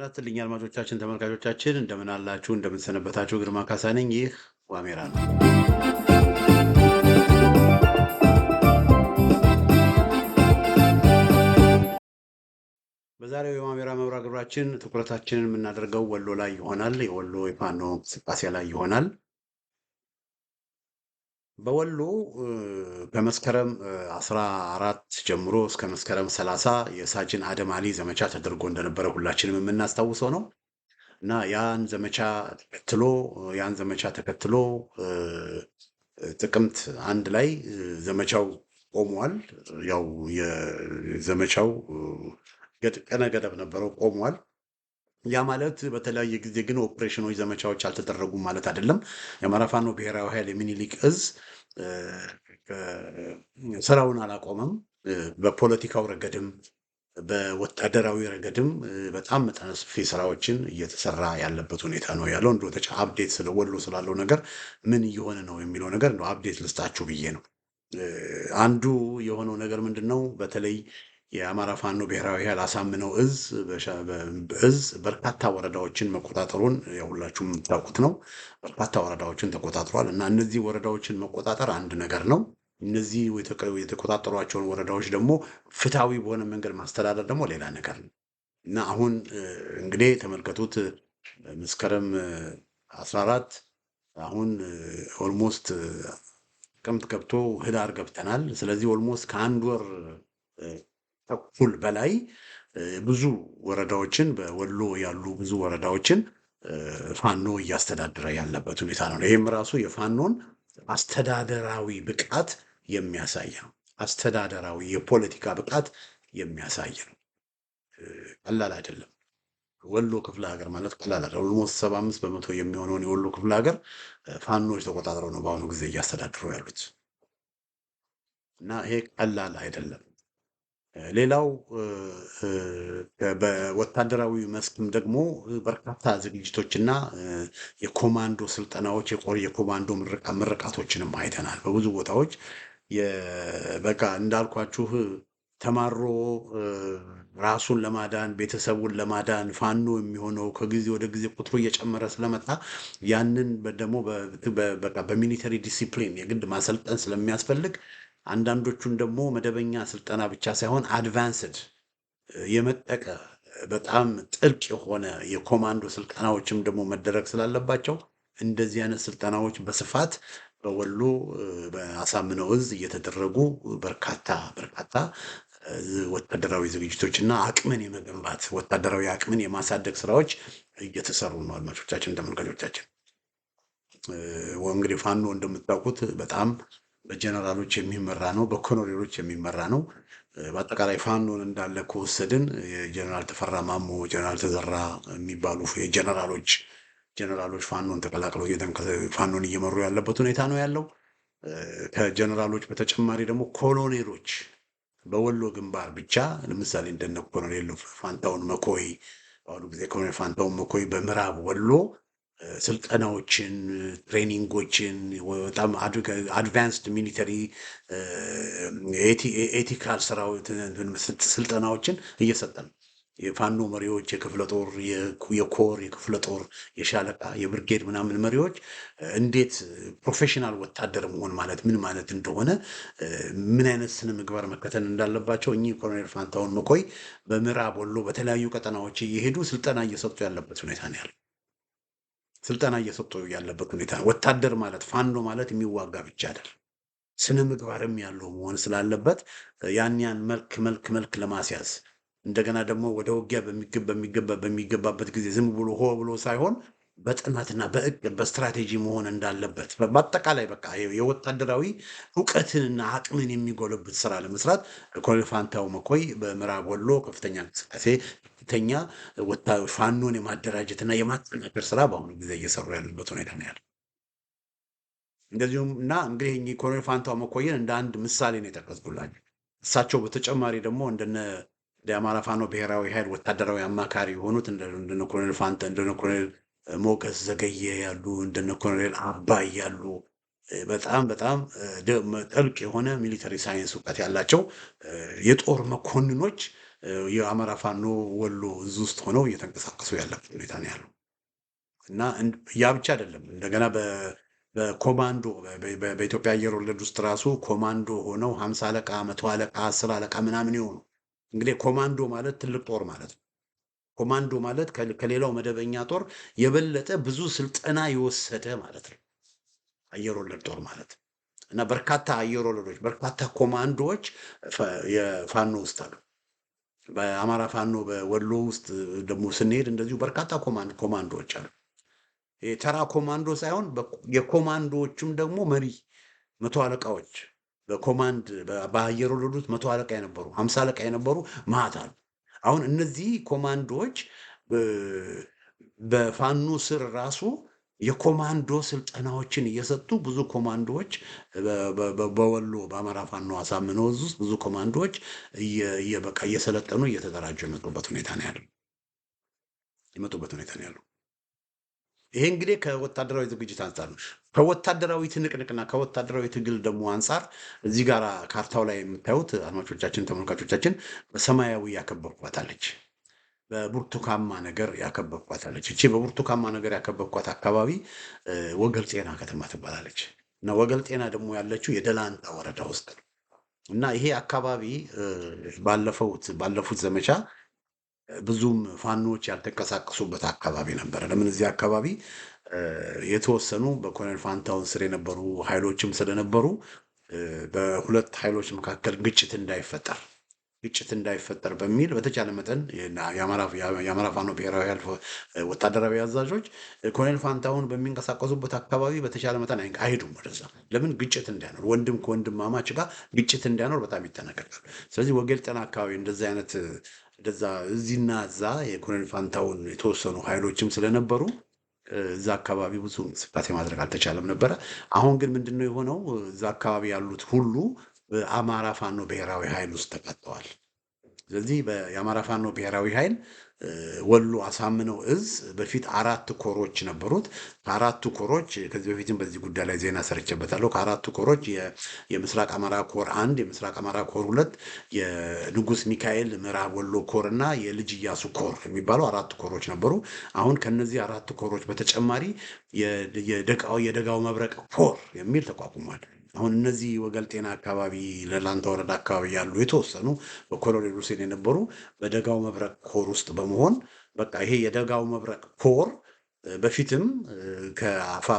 ጥናትልኛ አድማጮቻችን፣ ተመልካቾቻችን እንደምን አላችሁ? እንደምንሰነበታችሁ። ግርማ ካሳ ነኝ። ይህ ዋሜራ ነው። በዛሬው የዋሜራ መብራ ግብራችን ትኩረታችንን የምናደርገው ወሎ ላይ ይሆናል። የወሎ የፋኖ እንቅስቃሴ ላይ ይሆናል። በወሎ ከመስከረም 14 ጀምሮ እስከ መስከረም 30 የሳጅን አደም አሊ ዘመቻ ተደርጎ እንደነበረ ሁላችንም የምናስታውሰው ነው እና ያን ዘመቻ ተከትሎ ያን ዘመቻ ተከትሎ ጥቅምት አንድ ላይ ዘመቻው ቆሟል። ያው የዘመቻው ቀነ ገደብ ነበረው፣ ቆሟል። ያ ማለት በተለያየ ጊዜ ግን ኦፕሬሽኖች፣ ዘመቻዎች አልተደረጉም ማለት አይደለም። የአማራ ፋኖ ብሔራዊ ኃይል የሚኒሊክ እዝ ስራውን አላቆመም። በፖለቲካው ረገድም በወታደራዊ ረገድም በጣም መጠነ ሰፊ ስራዎችን እየተሰራ ያለበት ሁኔታ ነው ያለው። እንደ ተጫ አብዴት ስለወሎ ስላለው ነገር ምን እየሆነ ነው የሚለው ነገር እንደ አብዴት ልስጣችሁ ብዬ ነው። አንዱ የሆነው ነገር ምንድን ነው? በተለይ የአማራ ፋኖ ብሔራዊ ኃይል አሳምነው እዝ እዝ በርካታ ወረዳዎችን መቆጣጠሩን የሁላችሁም የምታውቁት ነው። በርካታ ወረዳዎችን ተቆጣጥሯል እና እነዚህ ወረዳዎችን መቆጣጠር አንድ ነገር ነው። እነዚህ የተቆጣጠሯቸውን ወረዳዎች ደግሞ ፍትሐዊ በሆነ መንገድ ማስተዳደር ደግሞ ሌላ ነገር ነው እና አሁን እንግዲህ ተመልከቱት መስከረም 14 አሁን ኦልሞስት ጥቅምት ገብቶ ህዳር ገብተናል። ስለዚህ ኦልሞስት ከአንድ ወር ተኩል በላይ ብዙ ወረዳዎችን በወሎ ያሉ ብዙ ወረዳዎችን ፋኖ እያስተዳደረ ያለበት ሁኔታ ነው። ይህም ራሱ የፋኖን አስተዳደራዊ ብቃት የሚያሳይ ነው። አስተዳደራዊ የፖለቲካ ብቃት የሚያሳይ ነው። ቀላል አይደለም። ወሎ ክፍለ ሀገር ማለት ቀላል አይደለም። ኦልሞስት ሰባ አምስት በመቶ የሚሆነውን የወሎ ክፍለ ሀገር ፋኖች ተቆጣጥረው ነው በአሁኑ ጊዜ እያስተዳድሩ ያሉት እና ይሄ ቀላል አይደለም። ሌላው በወታደራዊ መስክም ደግሞ በርካታ ዝግጅቶችና የኮማንዶ ስልጠናዎች የኮማንዶ ምርቃቶችንም አይተናል። በብዙ ቦታዎች በቃ እንዳልኳችሁ ተማሮ ራሱን ለማዳን ቤተሰቡን ለማዳን ፋኖ የሚሆነው ከጊዜ ወደ ጊዜ ቁጥሩ እየጨመረ ስለመጣ ያንን ደግሞ በሚሊተሪ ዲሲፕሊን የግድ ማሰልጠን ስለሚያስፈልግ አንዳንዶቹን ደግሞ መደበኛ ስልጠና ብቻ ሳይሆን አድቫንስድ የመጠቀ በጣም ጥልቅ የሆነ የኮማንዶ ስልጠናዎችም ደግሞ መደረግ ስላለባቸው እንደዚህ አይነት ስልጠናዎች በስፋት በወሎ በአሳምነው እዝ እየተደረጉ በርካታ በርካታ ወታደራዊ ዝግጅቶች እና አቅምን የመገንባት ወታደራዊ አቅምን የማሳደግ ስራዎች እየተሰሩ ነው። አድማጮቻችን፣ ተመልካቾቻችን እንግዲህ ፋኖ እንደምታውቁት በጣም በጀነራሎች የሚመራ ነው፣ በኮሎኔሎች የሚመራ ነው። በአጠቃላይ ፋኖን እንዳለ ከወሰድን የጀነራል ተፈራ ማሞ፣ ጀነራል ተዘራ የሚባሉ የጀነራሎች ጀነራሎች ፋኖን ተቀላቅለው ፋኖን እየመሩ ያለበት ሁኔታ ነው ያለው። ከጀነራሎች በተጨማሪ ደግሞ ኮሎኔሎች በወሎ ግንባር ብቻ ለምሳሌ እንደነ ኮሎኔል ፋንታውን መኮይ በአሁኑ ጊዜ ኮሎኔል ፋንታውን መኮይ በምዕራብ ወሎ ስልጠናዎችን ትሬኒንጎችን በጣም አድቫንስድ ሚሊተሪ ኤቲካል ሰራዊት ስልጠናዎችን እየሰጠ ነው። የፋኖ መሪዎች የክፍለ ጦር የኮር የክፍለ ጦር የሻለቃ የብርጌድ ምናምን መሪዎች እንዴት ፕሮፌሽናል ወታደር መሆን ማለት ምን ማለት እንደሆነ ምን አይነት ስነ ምግባር መከተል እንዳለባቸው እኚህ ኮሎኔል ፋንታውን መኮይ በምዕራብ ወሎ በተለያዩ ቀጠናዎች እየሄዱ ስልጠና እየሰጡ ያለበት ሁኔታ ነው ያለው። ስልጠና እየሰጡ ያለበት ሁኔታ ወታደር ማለት ፋንዶ ማለት የሚዋጋ ብቻ አይደል፣ ስነ ምግባርም ያለው መሆን ስላለበት ያን ያን መልክ መልክ መልክ ለማስያዝ እንደገና ደግሞ ወደ ውጊያ በሚገባበት ጊዜ ዝም ብሎ ሆ ብሎ ሳይሆን በጥናትና በእቅድ በስትራቴጂ መሆን እንዳለበት በአጠቃላይ በቃ የወታደራዊ እውቀትንና አቅምን የሚጎለብት ስራ ለመስራት ኮሎኔል ፋንታው መኮይ በምዕራብ ወሎ ከፍተኛ እንቅስቃሴ ከፍተኛ ፋኖን የማደራጀትና የማጠናከር ስራ በአሁኑ ጊዜ እየሰሩ ያሉበት ሁኔታ ነው ያለ። እንደዚሁም እና እንግዲህ ኮሎኔል ፋንታው መኮይን እንደ አንድ ምሳሌ ነው የጠቀስኩላቸው። እሳቸው በተጨማሪ ደግሞ እንደነ የአማራ ፋኖ ብሔራዊ ኃይል ወታደራዊ አማካሪ የሆኑት እንደነ ኮሎኔል ፋንታ እንደነ ኮሎኔል ሞገስ ዘገየ ያሉ እንደነ ኮሎኔል አባይ ያሉ በጣም በጣም ጠልቅ የሆነ ሚሊተሪ ሳይንስ እውቀት ያላቸው የጦር መኮንኖች የአማራ ፋኖ ወሎ እዙ ውስጥ ሆነው እየተንቀሳቀሱ ያለበት ሁኔታ ነው ያሉ እና ያ ብቻ አይደለም። እንደገና በኮማንዶ በኢትዮጵያ አየር ወለድ ውስጥ ራሱ ኮማንዶ ሆነው ሀምሳ አለቃ መቶ አለቃ አስር አለቃ ምናምን የሆኑ እንግዲህ ኮማንዶ ማለት ትልቅ ጦር ማለት ነው። ኮማንዶ ማለት ከሌላው መደበኛ ጦር የበለጠ ብዙ ስልጠና የወሰደ ማለት ነው። አየር ወለድ ጦር ማለት እና በርካታ አየር ወለዶች በርካታ ኮማንዶዎች የፋኖ ውስጥ አሉ። በአማራ ፋኖ በወሎ ውስጥ ደግሞ ስንሄድ እንደዚሁ በርካታ ኮማንዶዎች አሉ። የተራ ኮማንዶ ሳይሆን የኮማንዶዎቹም ደግሞ መሪ መቶ አለቃዎች በኮማንድ በአየር ወለዶች መቶ አለቃ የነበሩ ሀምሳ አለቃ የነበሩ መዓት አሉ። አሁን እነዚህ ኮማንዶዎች በፋኖ ስር ራሱ የኮማንዶ ስልጠናዎችን እየሰጡ ብዙ ኮማንዶዎች በወሎ በአማራ ፋኖ አሳምነው እዝ ውስጥ ብዙ ኮማንዶዎች እየበቃ እየሰለጠኑ እየተደራጁ የመጡበት ሁኔታ ነው ያለው የመጡበት ሁኔታ ነው ያለው። ይሄ እንግዲህ ከወታደራዊ ዝግጅት አንጻር ነው። ከወታደራዊ ትንቅንቅና ከወታደራዊ ትግል ደግሞ አንጻር እዚህ ጋር ካርታው ላይ የምታዩት አድማጮቻችን፣ ተመልካቾቻችን በሰማያዊ ያከበብኳታለች፣ በቡርቱካማ ነገር ያከበብኳታለች። እቺ በቡርቱካማ ነገር ያከበብኳት አካባቢ ወገል ጤና ከተማ ትባላለች እና ወገል ጤና ደግሞ ያለችው የደላንታ ወረዳ ውስጥ ነው እና ይሄ አካባቢ ባለፉት ዘመቻ ብዙም ፋኖች ያልተንቀሳቀሱበት አካባቢ ነበረ። ለምን እዚህ አካባቢ የተወሰኑ በኮሎኔል ፋንታውን ስር የነበሩ ኃይሎችም ስለነበሩ በሁለት ኃይሎች መካከል ግጭት እንዳይፈጠር ግጭት እንዳይፈጠር በሚል በተቻለ መጠን የአማራ ፋኖ ብሔራዊ ኃይል ወታደራዊ አዛዦች ኮሎኔል ፋንታሁን በሚንቀሳቀሱበት አካባቢ በተቻለ መጠን አይሄዱም ወደዛ። ለምን ግጭት እንዳይኖር ወንድም ከወንድማማች ጋር ግጭት እንዳይኖር በጣም ይጠነቀቃሉ። ስለዚህ ወገል ጠና አካባቢ እንደዚህ አይነት እንደዛ እዚህና እዛ የኮሎኔል ፋንታሁን የተወሰኑ ኃይሎችም ስለነበሩ እዛ አካባቢ ብዙ እንቅስቃሴ ማድረግ አልተቻለም ነበረ። አሁን ግን ምንድነው የሆነው? እዛ አካባቢ ያሉት ሁሉ አማራ ፋኖ ብሔራዊ ኃይል ውስጥ ተቀጥተዋል። ስለዚህ የአማራ ፋኖ ብሔራዊ ኃይል ወሎ አሳምነው እዝ በፊት አራት ኮሮች ነበሩት። ከአራቱ ኮሮች ከዚህ በፊትም በዚህ ጉዳይ ላይ ዜና ሰርቼበታለሁ። ከአራቱ ኮሮች የምስራቅ አማራ ኮር አንድ፣ የምስራቅ አማራ ኮር ሁለት፣ የንጉስ ሚካኤል ምዕራብ ወሎ ኮር እና የልጅ እያሱ ኮር የሚባሉ አራት ኮሮች ነበሩ። አሁን ከነዚህ አራት ኮሮች በተጨማሪ የደጋው መብረቅ ኮር የሚል ተቋቁሟል። አሁን እነዚህ ወገልጤና አካባቢ ለላንታ ወረዳ አካባቢ ያሉ የተወሰኑ በኮሎኔል ሁሴን የነበሩ በደጋው መብረቅ ኮር ውስጥ በመሆን በቃ ይሄ የደጋው መብረቅ ኮር በፊትም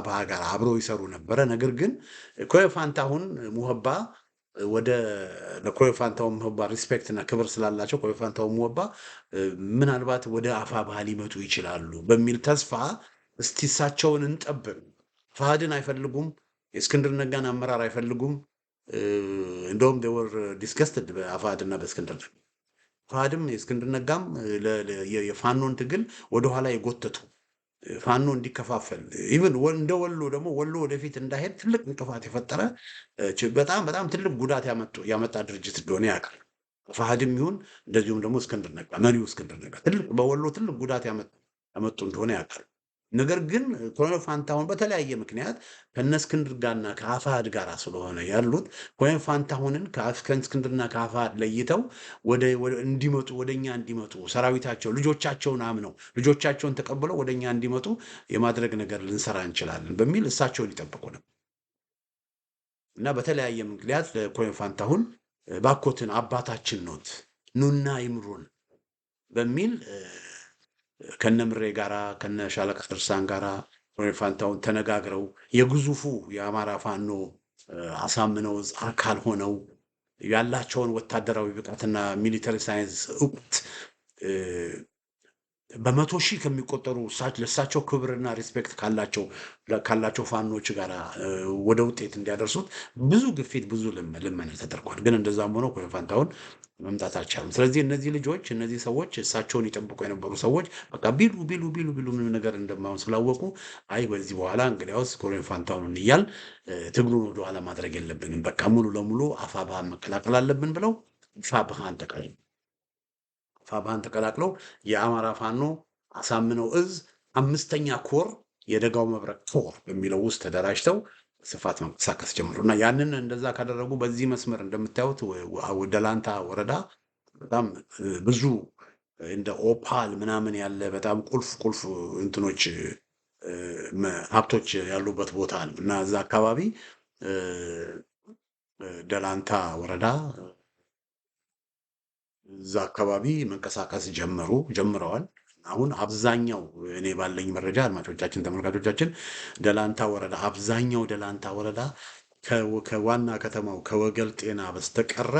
ባህ ጋር አብረው ይሰሩ ነበረ። ነገር ግን ኮየፋንታሁን ሙህባ ወደ ለኮየፋንታው ሙህባ ሪስፔክት እና ክብር ስላላቸው ኮየፋንታው ሙህባ ምናልባት ወደ ባህ ሊመጡ ይችላሉ በሚል ተስፋ እስቲ እሳቸውን እንጠብቅ። ፋሃድን አይፈልጉም የእስክንድር ነጋን አመራር አይፈልጉም። እንደውም ወር ዲስከስትድ በአፋሕድ እና በእስክንድር ነጋ አፋሕድም የእስክንድር ነጋም የፋኖን ትግል ወደኋላ የጎተቱ ፋኖ እንዲከፋፈል ኢቨን እንደ ወሎ ደግሞ ወሎ ወደፊት እንዳይሄድ ትልቅ እንቅፋት የፈጠረ በጣም በጣም ትልቅ ጉዳት ያመጣ ድርጅት እንደሆነ ያውቃል። ፋህድም ይሁን እንደዚሁም ደግሞ እስክንድር ነጋ መሪው እስክንድር ነጋ በወሎ ትልቅ ጉዳት ያመጡ እንደሆነ ያውቃል። ነገር ግን ኮሎኔል ፋንታሁን በተለያየ ምክንያት ከነ እስክንድር ጋርና ከአፋሃድ ጋር ስለሆነ ያሉት ኮሎኔል ፋንታሁንን ከእስክንድርና ከአፋሃድ ለይተው እንዲመጡ ወደኛ እንዲመጡ ሰራዊታቸው ልጆቻቸውን አምነው ልጆቻቸውን ተቀብለው ወደኛ እንዲመጡ የማድረግ ነገር ልንሰራ እንችላለን በሚል እሳቸውን ይጠብቁ ነው እና በተለያየ ምክንያት ለኮሎኔል ፋንታሁን ባኮትን አባታችን ኖት ኑና ይምሩን በሚል ከነ ምሬ ጋራ ከነ ሻለቃ ድርሳን ጋራ ሮኔ ፋንታውን ተነጋግረው የግዙፉ የአማራ ፋኖ አሳምነው አካል ሆነው ያላቸውን ወታደራዊ ብቃትና ሚሊተሪ ሳይንስ እውቀት በመቶ ሺህ ከሚቆጠሩ ለእሳቸው ክብርና ሪስፔክት ካላቸው ፋኖች ጋር ወደ ውጤት እንዲያደርሱት ብዙ ግፊት፣ ብዙ ልመና ተደርጓል። ግን እንደዛም ሆኖ ኮይ ፋንታሁን መምጣት አልቻሉም። ስለዚህ እነዚህ ልጆች እነዚህ ሰዎች እሳቸውን ይጠብቁ የነበሩ ሰዎች በቃ ቢሉ ቢሉ ቢሉ ቢሉ ምንም ነገር እንደማይሆን ስላወቁ አይ በዚህ በኋላ እንግዲያውስ ኮሎኔል ፋንታሁንን እያል ትግሉን ወደኋላ ማድረግ የለብንም በቃ ሙሉ ለሙሉ አፋብኃን መቀላቀል አለብን ብለው ፋብኃን ተቀላቀሉ። ፋባን ተቀላቅለው የአማራ ፋኖ አሳምነው እዝ አምስተኛ ኮር የደጋው መብረቅ ኮር በሚለው ውስጥ ተደራጅተው ስፋት መንቀሳቀስ ጀምሩ እና ያንን እንደዛ ካደረጉ በዚህ መስመር እንደምታዩት ደላንታ ወረዳ በጣም ብዙ እንደ ኦፓል ምናምን ያለ በጣም ቁልፍ ቁልፍ እንትኖች ሀብቶች ያሉበት ቦታ ነው እና እዛ አካባቢ ደላንታ ወረዳ እዛ አካባቢ መንቀሳቀስ ጀመሩ ጀምረዋል። አሁን አብዛኛው እኔ ባለኝ መረጃ አድማጮቻችን፣ ተመልካቾቻችን ደላንታ ወረዳ አብዛኛው ደላንታ ወረዳ ከዋና ከተማው ከወገል ጤና በስተቀረ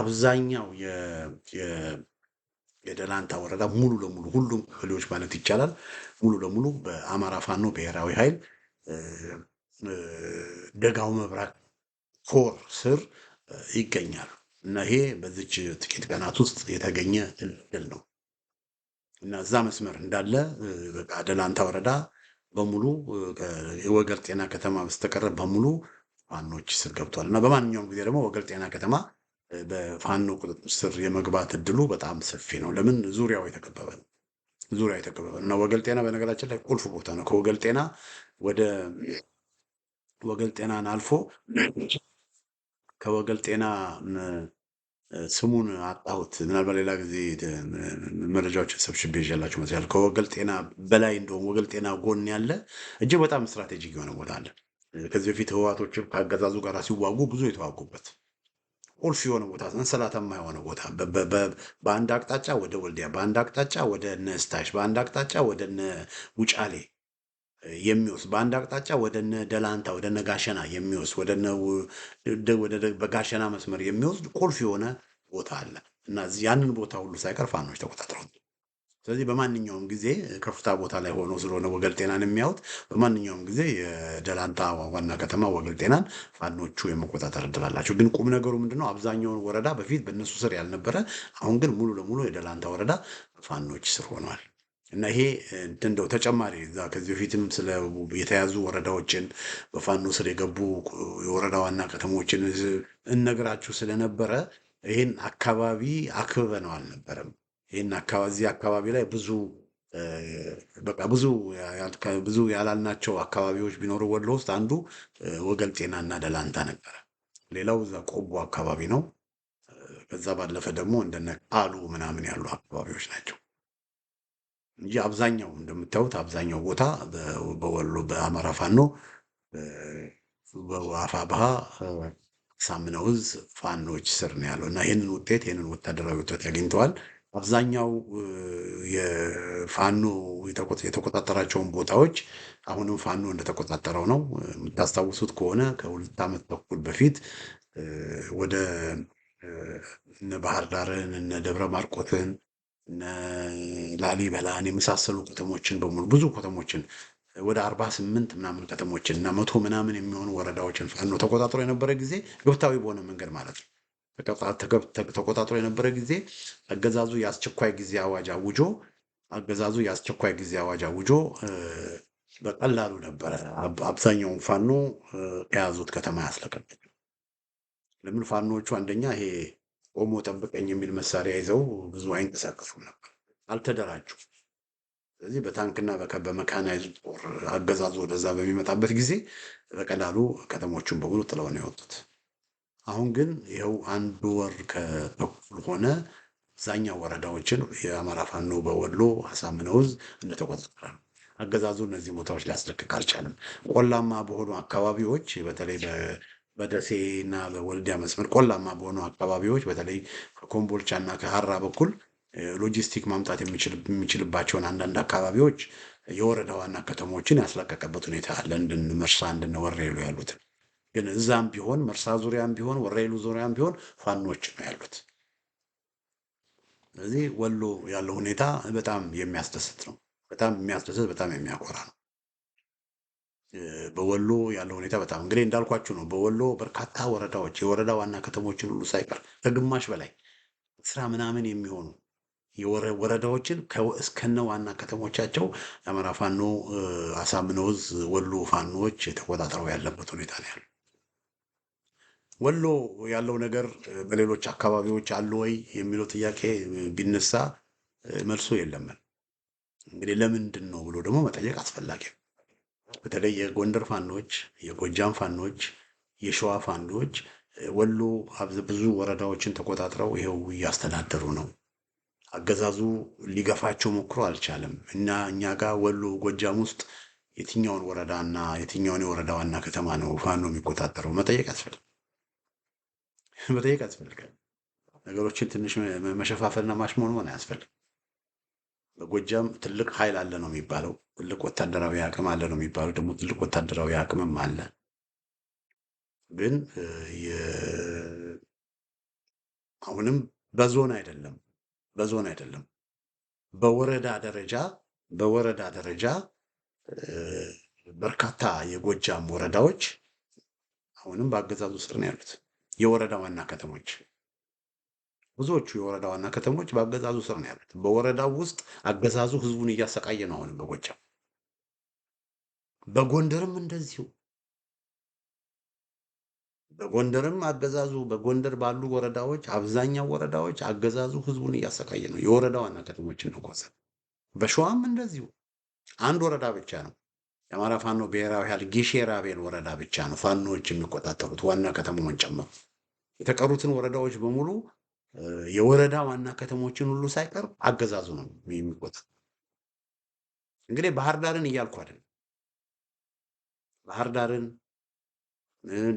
አብዛኛው የደላንታ ወረዳ ሙሉ ለሙሉ ሁሉም ክፍሎች ማለት ይቻላል ሙሉ ለሙሉ በአማራ ፋኖ ብሔራዊ ኃይል ደጋው መብራት ኮር ስር ይገኛሉ። እና ይሄ በዚች ጥቂት ቀናት ውስጥ የተገኘ ድል ነው እና እዛ መስመር እንዳለ በቃ ደላንታ ወረዳ በሙሉ የወገል ጤና ከተማ በስተቀረ በሙሉ ፋኖች ስር ገብቷል እና በማንኛውም ጊዜ ደግሞ ወገል ጤና ከተማ በፋኖ ቁጥጥር ስር የመግባት እድሉ በጣም ሰፊ ነው። ለምን ዙሪያው የተከበበ ነው። ዙሪያው የተከበበ እና ወገል ጤና በነገራችን ላይ ቁልፍ ቦታ ነው። ከወገል ጤና ወደ ወገል ጤናን አልፎ ከወገል ጤና ስሙን አጣሁት። ምናልባት ሌላ ጊዜ መረጃዎችን ሰብስቤ ይዤላችሁ መስ ከወገል ጤና በላይ እንደውም ወገል ጤና ጎን ያለ እጅግ በጣም ስትራቴጂክ የሆነ ቦታ አለ። ከዚህ በፊት ህወሓቶችን ከአገዛዙ ጋር ሲዋጉ ብዙ የተዋጉበት ቁልፍ የሆነ ቦታ፣ ሰንሰለታማ የሆነ ቦታ በአንድ አቅጣጫ ወደ ወልዲያ፣ በአንድ አቅጣጫ ወደ ነስታሽ፣ በአንድ አቅጣጫ ወደ ውጫሌ የሚወስድ በአንድ አቅጣጫ ወደ ደላንታ ወደ ጋሸና የሚወስድ ወደ በጋሸና መስመር የሚወስድ ቁልፍ የሆነ ቦታ አለ እና ያንን ቦታ ሁሉ ሳይቀር ፋኖች ተቆጣጥረዋል። ስለዚህ በማንኛውም ጊዜ ከፍታ ቦታ ላይ ሆኖ ስለሆነ ወገል ጤናን የሚያዩት በማንኛውም ጊዜ የደላንታ ዋና ከተማ ወገል ጤናን ፋኖቹ የመቆጣጠር እድል አላቸው። ግን ቁም ነገሩ ምንድነው? አብዛኛውን ወረዳ በፊት በእነሱ ስር ያልነበረ አሁን ግን ሙሉ ለሙሉ የደላንታ ወረዳ ፋኖች ስር ሆነዋል። እና ይሄ እንደው ተጨማሪ እዛ ከዚህ በፊትም ስለ የተያዙ ወረዳዎችን በፋኖ ስር የገቡ የወረዳ ዋና ከተሞችን እነግራችሁ ስለነበረ ይህን አካባቢ አክብበ ነው አልነበረም። ይህን እዚህ አካባቢ ላይ ብዙ በቃ ብዙ ያላልናቸው አካባቢዎች ቢኖሩ ወሎ ውስጥ አንዱ ወገል ጤናና ደላንታ ነበረ። ሌላው እዛ ቆቦ አካባቢ ነው። ከዛ ባለፈ ደግሞ እንደነ አሉ ምናምን ያሉ አካባቢዎች ናቸው። እንጂ አብዛኛው እንደምታዩት አብዛኛው ቦታ በወሎ በአማራ ፋኖ በአፋብሃ ሳምነ ሳምናውዝ ፋኖች ስር ነው ያለው እና ይህንን ውጤት ይህንን ወታደራዊ ውጤት ያገኝተዋል። አብዛኛው የፋኖ የተቆጣጠራቸውን ቦታዎች አሁንም ፋኖ እንደተቆጣጠረው ነው። የምታስታውሱት ከሆነ ከሁለት ዓመት ተኩል በፊት ወደ እነ ባህር ዳርን እነ ደብረ ማርቆትን ላሊበላን የመሳሰሉ ከተሞችን በሙሉ ብዙ ከተሞችን ወደ አርባ ስምንት ምናምን ከተሞችን እና መቶ ምናምን የሚሆኑ ወረዳዎችን ፋኖ ተቆጣጥሮ የነበረ ጊዜ ግብታዊ በሆነ መንገድ ማለት ነው ተቆጣጥሮ የነበረ ጊዜ አገዛዙ የአስቸኳይ ጊዜ አዋጅ አውጆ አገዛዙ የአስቸኳይ ጊዜ አዋጅ አውጆ በቀላሉ ነበረ አብዛኛውን ፋኖ ከያዙት ከተማ ያስለቀቀ። ለምን ፋኖቹ አንደኛ ይሄ ቆሞ ጠብቀኝ የሚል መሳሪያ ይዘው ብዙ አይንቀሳቀሱም ነበር፣ አልተደራጁም። ስለዚህ በታንክና በመካናይዝድ ጦር አገዛዙ ወደዛ በሚመጣበት ጊዜ በቀላሉ ከተሞቹን በሙሉ ጥለው ነው የወጡት። አሁን ግን ይኸው አንድ ወር ከተኩል ሆነ አብዛኛው ወረዳዎችን የአማራ ፋኖ በወሎ አሳምነውዝ እንደተቆጣጠረ ነው። አገዛዙ እነዚህ ቦታዎች ሊያስለቅቅ አልቻለም። ቆላማ በሆኑ አካባቢዎች በተለይ በደሴና በወልዲያ መስመር ቆላማ በሆኑ አካባቢዎች በተለይ ከኮምቦልቻና ከሀራ በኩል ሎጂስቲክ ማምጣት የሚችልባቸውን አንዳንድ አካባቢዎች የወረዳ ዋና ከተሞችን ያስለቀቀበት ሁኔታ አለ። እንድን መርሳ እንድን ወሬሉ ያሉትን ግን እዛም ቢሆን መርሳ ዙሪያም ቢሆን ወሬሉ ዙሪያም ቢሆን ፋኖች ነው ያሉት። ስለዚህ ወሎ ያለው ሁኔታ በጣም የሚያስደስት ነው። በጣም የሚያስደስት በጣም የሚያኮራ ነው። በወሎ ያለው ሁኔታ በጣም እንግዲህ እንዳልኳችሁ ነው። በወሎ በርካታ ወረዳዎች የወረዳ ዋና ከተሞችን ሁሉ ሳይቀር ከግማሽ በላይ ስራ ምናምን የሚሆኑ ወረዳዎችን እስከነ ዋና ከተሞቻቸው የአማራ ፋኖ አሳምነውዝ ወሎ ፋኖዎች ተቆጣጥረው ያለበት ሁኔታ ነው ያለው። ወሎ ያለው ነገር በሌሎች አካባቢዎች አሉ ወይ የሚለው ጥያቄ ቢነሳ መልሱ የለምን። እንግዲህ ለምንድን ነው ብሎ ደግሞ መጠየቅ አስፈላጊ በተለይ የጎንደር ፋኖች፣ የጎጃም ፋኖች፣ የሸዋ ፋኖች ወሎ ብዙ ወረዳዎችን ተቆጣጥረው ይኸው እያስተዳደሩ ነው። አገዛዙ ሊገፋቸው ሞክሮ አልቻለም እና እኛ ጋር ወሎ ጎጃም ውስጥ የትኛውን ወረዳና የትኛውን የወረዳ ዋና ከተማ ነው ፋኖ የሚቆጣጠረው? መጠየቅ ያስፈልግ መጠየቅ ያስፈልጋል። ነገሮችን ትንሽ መሸፋፈልና ማሽሞን ሆን አያስፈልግም። በጎጃም ትልቅ ኃይል አለ ነው የሚባለው። ትልቅ ወታደራዊ አቅም አለ ነው የሚባለው። ደግሞ ትልቅ ወታደራዊ አቅምም አለ። ግን አሁንም በዞን አይደለም በዞን አይደለም በወረዳ ደረጃ በወረዳ ደረጃ በርካታ የጎጃም ወረዳዎች አሁንም በአገዛዙ ስር ነው ያሉት የወረዳ ዋና ከተሞች ብዙዎቹ የወረዳ ዋና ከተሞች በአገዛዙ ስር ነው ያሉት። በወረዳው ውስጥ አገዛዙ ህዝቡን እያሰቃየ ነው። አሁንም በጎጃም በጎንደርም እንደዚሁ በጎንደርም አገዛዙ በጎንደር ባሉ ወረዳዎች አብዛኛው ወረዳዎች አገዛዙ ህዝቡን እያሰቃየ ነው። የወረዳ ዋና ከተሞችን ነው በሸዋም እንደዚሁ አንድ ወረዳ ብቻ ነው የአማራ ፋኖ ብሔራዊ ኃይል ጊሼ ራቤል ወረዳ ብቻ ነው ፋኖዎች የሚቆጣጠሩት ዋና ከተማውን ጨምሮ የተቀሩትን ወረዳዎች በሙሉ የወረዳ ዋና ከተሞችን ሁሉ ሳይቀር አገዛዙ ነው የሚቆጣ። እንግዲህ ባህር ዳርን እያልኩ አይደለም። ባህር ዳርን፣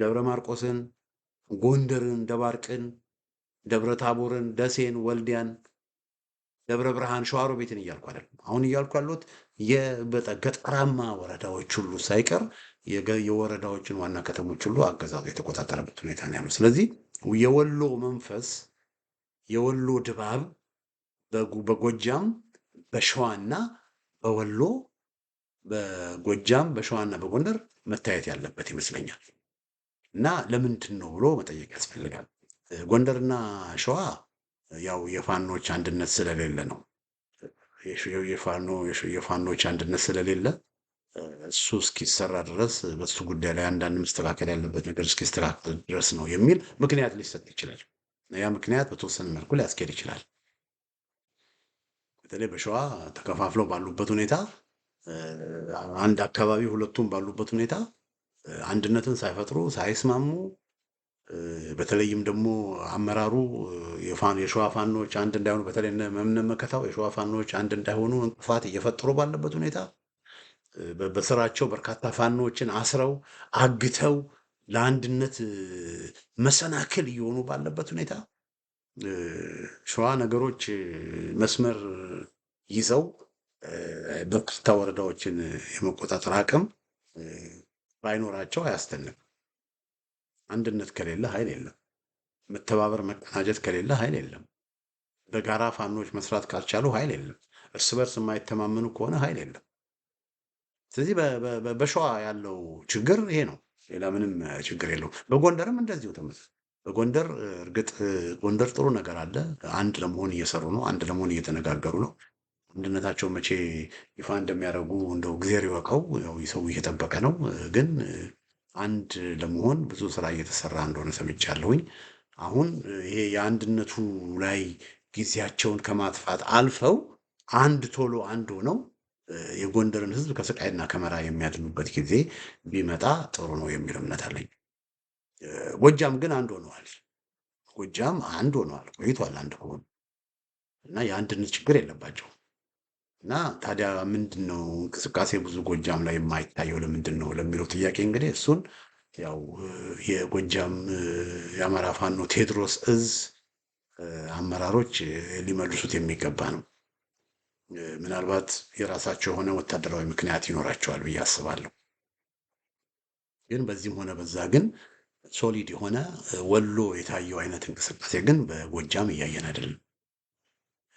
ደብረ ማርቆስን፣ ጎንደርን፣ ደባርቅን፣ ደብረ ታቦርን፣ ደሴን፣ ወልዲያን፣ ደብረ ብርሃን፣ ሸዋሮ ቤትን እያልኩ አይደለም። አሁን እያልኩ ያሉት ገጠራማ ወረዳዎች ሁሉ ሳይቀር የወረዳዎችን ዋና ከተሞች ሁሉ አገዛዙ የተቆጣጠረበት ሁኔታ ነው ያሉ። ስለዚህ የወሎ መንፈስ የወሎ ድባብ በጎጃም በሸዋና በወሎ በጎጃም በሸዋና በጎንደር መታየት ያለበት ይመስለኛል። እና ለምንድን ነው ብሎ መጠየቅ ያስፈልጋል። ጎንደርና ሸዋ ያው የፋኖች አንድነት ስለሌለ ነው። የፋኖች አንድነት ስለሌለ እሱ እስኪሰራ ድረስ በሱ ጉዳይ ላይ አንዳንድ መስተካከል ያለበት ነገር እስኪስተካከል ድረስ ነው የሚል ምክንያት ሊሰጥ ይችላል። ያ ምክንያት በተወሰነ መልኩ ሊያስኬድ ይችላል። በተለይ በሸዋ ተከፋፍለው ባሉበት ሁኔታ አንድ አካባቢ ሁለቱም ባሉበት ሁኔታ አንድነትን ሳይፈጥሩ ሳይስማሙ በተለይም ደግሞ አመራሩ የሸዋ ፋኖች አንድ እንዳይሆኑ በተለይ መምነ መከታው የሸዋ ፋኖች አንድ እንዳይሆኑ እንቅፋት እየፈጠሩ ባለበት ሁኔታ በስራቸው በርካታ ፋኖችን አስረው አግተው ለአንድነት መሰናክል እየሆኑ ባለበት ሁኔታ ሸዋ ነገሮች መስመር ይዘው በርካታ ወረዳዎችን የመቆጣጠር አቅም ባይኖራቸው አያስደንቅም። አንድነት ከሌለ ኃይል የለም። መተባበር መቀናጀት ከሌለ ኃይል የለም። በጋራ ፋኖች መስራት ካልቻሉ ኃይል የለም። እርስ በርስ የማይተማመኑ ከሆነ ኃይል የለም። ስለዚህ በሸዋ ያለው ችግር ይሄ ነው። ሌላ ምንም ችግር የለው በጎንደርም እንደዚሁ ተመሳሳይ። በጎንደር እርግጥ ጎንደር ጥሩ ነገር አለ። አንድ ለመሆን እየሰሩ ነው። አንድ ለመሆን እየተነጋገሩ ነው። አንድነታቸው መቼ ይፋ እንደሚያደርጉ እንደው እግዜር ይወቀው። ሰው እየጠበቀ ነው። ግን አንድ ለመሆን ብዙ ስራ እየተሰራ እንደሆነ ሰምቻለሁኝ። አሁን ይሄ የአንድነቱ ላይ ጊዜያቸውን ከማጥፋት አልፈው አንድ ቶሎ አንድ ሆነው የጎንደርን ህዝብ ከስቃይና ከመራ የሚያድኑበት ጊዜ ቢመጣ ጥሩ ነው የሚል እምነት አለኝ። ጎጃም ግን አንድ ሆነዋል። ጎጃም አንድ ሆነዋል፣ ቆይቷል አንድ ከሆኑ እና የአንድነት ችግር የለባቸውም። እና ታዲያ ምንድን ነው እንቅስቃሴ ብዙ ጎጃም ላይ የማይታየው ለምንድን ነው ለሚለው ጥያቄ እንግዲህ እሱን ያው የጎጃም የአማራ ፋኖ ቴዎድሮስ እዝ አመራሮች ሊመልሱት የሚገባ ነው። ምናልባት የራሳቸው የሆነ ወታደራዊ ምክንያት ይኖራቸዋል ብዬ አስባለሁ። ግን በዚህም ሆነ በዛ ግን ሶሊድ የሆነ ወሎ የታየው አይነት እንቅስቃሴ ግን በጎጃም እያየን አይደለም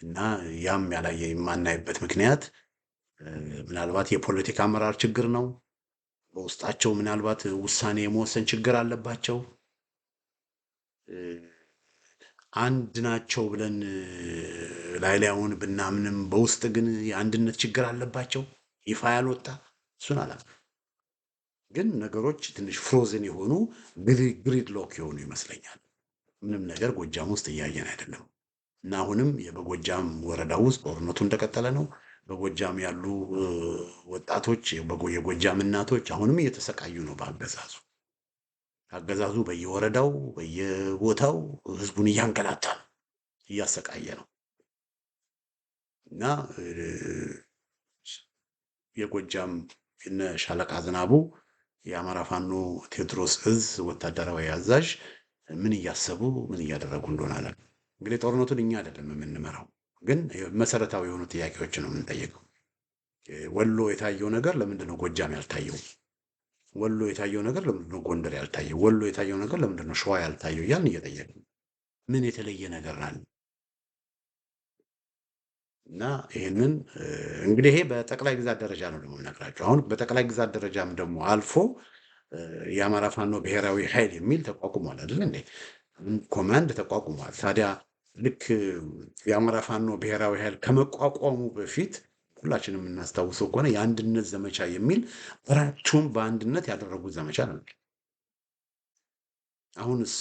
እና ያም ያላየ የማናይበት ምክንያት ምናልባት የፖለቲካ አመራር ችግር ነው። በውስጣቸው ምናልባት ውሳኔ የመወሰን ችግር አለባቸው። አንድ ናቸው ብለን ላይ ላዩን ብናምንም በውስጥ ግን የአንድነት ችግር አለባቸው። ይፋ ያልወጣ እሱን አላ ግን ነገሮች ትንሽ ፍሮዝን የሆኑ ግሪድ ሎክ የሆኑ ይመስለኛል። ምንም ነገር ጎጃም ውስጥ እያየን አይደለም እና አሁንም በጎጃም ወረዳ ውስጥ ጦርነቱ እንደቀጠለ ነው። በጎጃም ያሉ ወጣቶች የጎጃም እናቶች አሁንም እየተሰቃዩ ነው በአገዛዙ አገዛዙ በየወረዳው በየቦታው ህዝቡን እያንገላታ ነው፣ እያሰቃየ ነው። እና የጎጃም እነ ሻለቃ ዝናቡ የአማራ ፋኖ ቴዎድሮስ እዝ ወታደራዊ አዛዥ ምን እያሰቡ ምን እያደረጉ እንደሆነ አለ። እንግዲህ ጦርነቱን እኛ አይደለም የምንመራው፣ ግን መሰረታዊ የሆኑ ጥያቄዎች ነው የምንጠየቀው። ወሎ የታየው ነገር ለምንድነው ጎጃም ያልታየው? ወሎ የታየው ነገር ለምንድነው ጎንደር ያልታየው? ወሎ የታየው ነገር ለምንድነው ሸዋ ያልታየው? እያልን እየጠየቅ ምን የተለየ ነገር አለ? እና ይህንን እንግዲህ ይሄ በጠቅላይ ግዛት ደረጃ ነው ደግሞ የምነግራቸው። አሁን በጠቅላይ ግዛት ደረጃም ደግሞ አልፎ የአማራ ፋኖ ብሔራዊ ኃይል የሚል ተቋቁሟል አይደል እንዴ? ኮማንድ ተቋቁሟል። ታዲያ ልክ የአማራ ፋኖ ብሔራዊ ኃይል ከመቋቋሙ በፊት ሁላችንም የምናስታውሰው ከሆነ የአንድነት ዘመቻ የሚል ራቸውን በአንድነት ያደረጉት ዘመቻ ነው። አሁንስ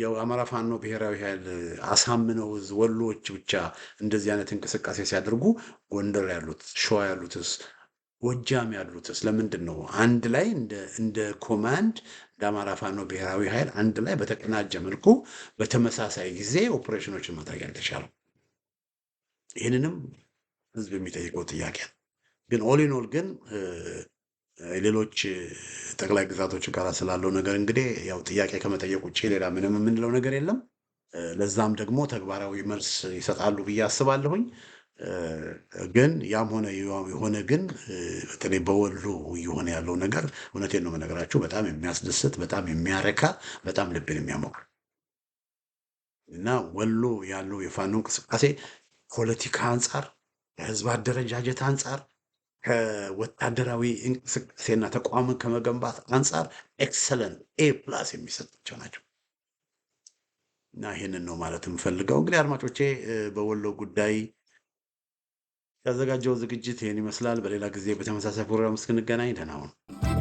የአማራ ፋኖ ብሔራዊ ኃይል አሳምነው ወሎዎች ብቻ እንደዚህ አይነት እንቅስቃሴ ሲያደርጉ ጎንደር ያሉት ሸዋ ያሉትስ ጎጃም ያሉትስ ለምንድን ነው አንድ ላይ እንደ ኮማንድ እንደ አማራ ፋኖ ብሔራዊ ኃይል አንድ ላይ በተቀናጀ መልኩ በተመሳሳይ ጊዜ ኦፕሬሽኖችን ማድረግ ያልተቻለው? ይህንንም ህዝብ የሚጠይቀው ጥያቄ ነው። ግን ኦሊኖል ግን ሌሎች ጠቅላይ ግዛቶች ጋር ስላለው ነገር እንግዲህ ያው ጥያቄ ከመጠየቅ ውጭ ሌላ ምንም የምንለው ነገር የለም። ለዛም ደግሞ ተግባራዊ መልስ ይሰጣሉ ብዬ አስባለሁኝ። ግን ያም ሆነ የሆነ ግን በተለይ በወሎ እየሆነ ያለው ነገር እውነቴን ነው የምነግራችሁ፣ በጣም የሚያስደስት፣ በጣም የሚያረካ፣ በጣም ልብን የሚያሞቅ እና ወሎ ያለው የፋኖ እንቅስቃሴ ፖለቲካ አንጻር፣ ከህዝብ አደረጃጀት አንጻር ከወታደራዊ እንቅስቃሴና ተቋምን ከመገንባት አንጻር ኤክሰለንት ኤ ፕላስ የሚሰጣቸው ናቸው እና ይህንን ነው ማለት የምፈልገው። እንግዲህ አድማጮቼ በወሎ ጉዳይ ያዘጋጀው ዝግጅት ይህን ይመስላል። በሌላ ጊዜ በተመሳሳይ ፕሮግራም እስክንገናኝ ደህና ሁኑ።